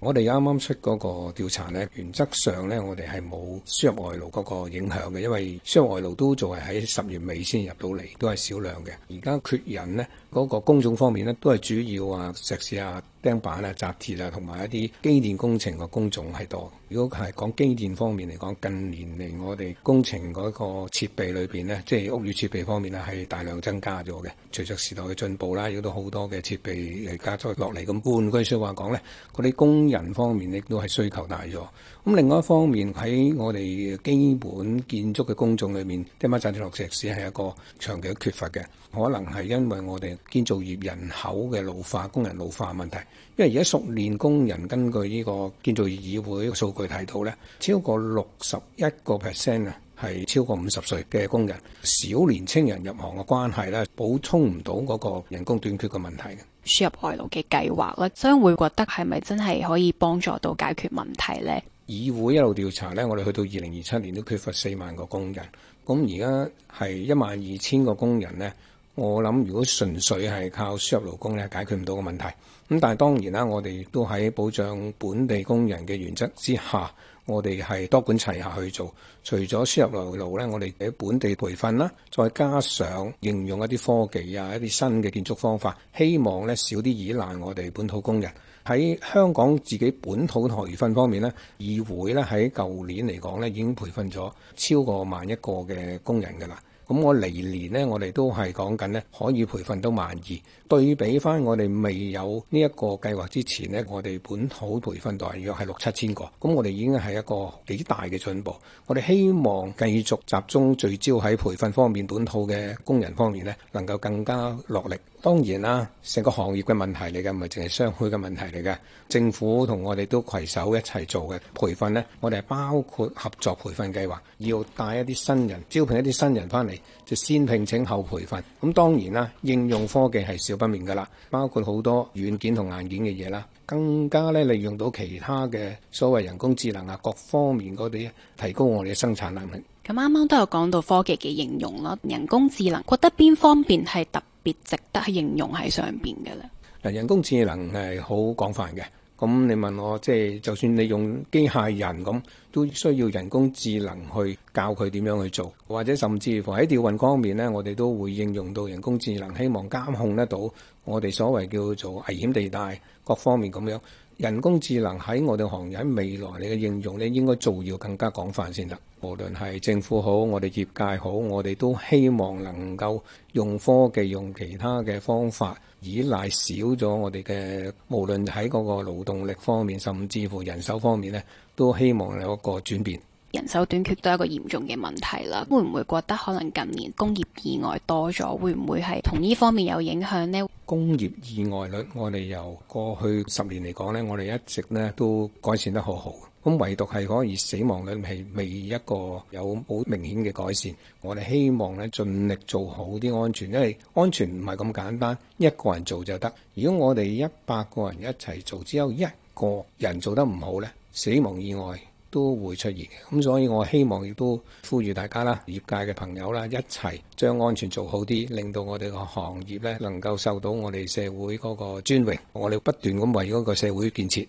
我哋啱啱出嗰個調查咧，原則上咧，我哋係冇輸入外勞嗰個影響嘅。因為輸入外勞都仲係喺十月尾先入到嚟，都係少量嘅。而家缺人咧，嗰、那個工種方面咧，都係主要啊石屎啊。釘板啊、紮鐵啊，同埋一啲機電工程嘅工種係多。如果係講機電方面嚟講，近年嚟我哋工程嗰個設備裏邊咧，即係屋宇設備方面咧，係大量增加咗嘅。隨着時代嘅進步啦，亦都好多嘅設備嚟加咗落嚟。咁換句説話講咧，嗰啲工人方面亦都係需求大咗。咁另外一方面喺我哋基本建築嘅工種裏面，釘板、紮鐵、落石屎係一個長期嘅缺乏嘅，可能係因為我哋建造業人口嘅老化、工人老化問題。因為而家熟練工人根據呢個建造業議會數據睇到咧，超過六十一個 percent 啊，係超過五十歲嘅工人，少年青人入行嘅關係咧，補充唔到嗰個人工短缺嘅問題嘅。輸入外勞嘅計劃咧，將會覺得，係咪真係可以幫助到解決問題咧？議會一路調查咧，我哋去到二零二七年都缺乏四萬個工人，咁而家係一萬二千個工人咧。我諗如果純粹係靠輸入勞工咧，解決唔到個問題。咁但係當然啦，我哋亦都喺保障本地工人嘅原則之下，我哋係多管齊下去做。除咗輸入勞勞咧，我哋喺本地培訓啦，再加上應用一啲科技啊，一啲新嘅建築方法，希望咧少啲依賴我哋本土工人。喺香港自己本土培訓方面咧，議會咧喺舊年嚟講咧已經培訓咗超過萬一個嘅工人㗎啦。咁我嚟年呢，我哋都係講緊呢，可以培訓到萬二。對比翻我哋未有呢一個計劃之前，呢我哋本土培訓大約係六七千個。咁我哋已經係一個幾大嘅進步。我哋希望繼續集中聚焦喺培訓方面，本土嘅工人方面，呢能夠更加落力。當然啦，成個行業嘅問題嚟嘅，唔係淨係商會嘅問題嚟嘅。政府同我哋都攜手一齊做嘅培訓呢，我哋係包括合作培訓計劃，要帶一啲新人，招聘一啲新人翻嚟，就先聘請後培訓。咁當然啦，應用科技係少不免噶啦，包括好多軟件同硬件嘅嘢啦，更加咧利用到其他嘅所謂人工智能啊，各方面嗰啲提高我哋嘅生產能力。咁啱啱都有講到科技嘅應用咯，人工智能覺得邊方面係特別？別值得特係應用喺上邊嘅啦。嗱，人工智能係好廣泛嘅。咁你問我，即係就算你用機械人咁，都需要人工智能去教佢點樣去做，或者甚至乎喺吊運方面咧，我哋都會應用到人工智能，希望監控得到我哋所謂叫做危險地帶各方面咁樣。人工智能喺我哋行業喺未來嘅應用咧，你應該做要更加廣泛先得。無論係政府好，我哋業界好，我哋都希望能夠用科技，用其他嘅方法。依賴少咗，我哋嘅無論喺嗰個勞動力方面，甚至乎人手方面咧，都希望有一個轉變。人手短缺都係一個嚴重嘅問題啦。會唔會覺得可能近年工業意外多咗？會唔會係同呢方面有影響咧？工業意外率，我哋由過去十年嚟講咧，我哋一直咧都改善得好好。咁唯獨係可以死亡率係未一個有好明顯嘅改善，我哋希望咧盡力做好啲安全，因為安全唔係咁簡單，一個人做就得。如果我哋一百個人一齊做，只有一個人做得唔好咧，死亡意外都會出現。咁所以我希望亦都呼籲大家啦，業界嘅朋友啦，一齊將安全做好啲，令到我哋個行業咧能夠受到我哋社會嗰個尊榮，我哋不斷咁為嗰個社會建設。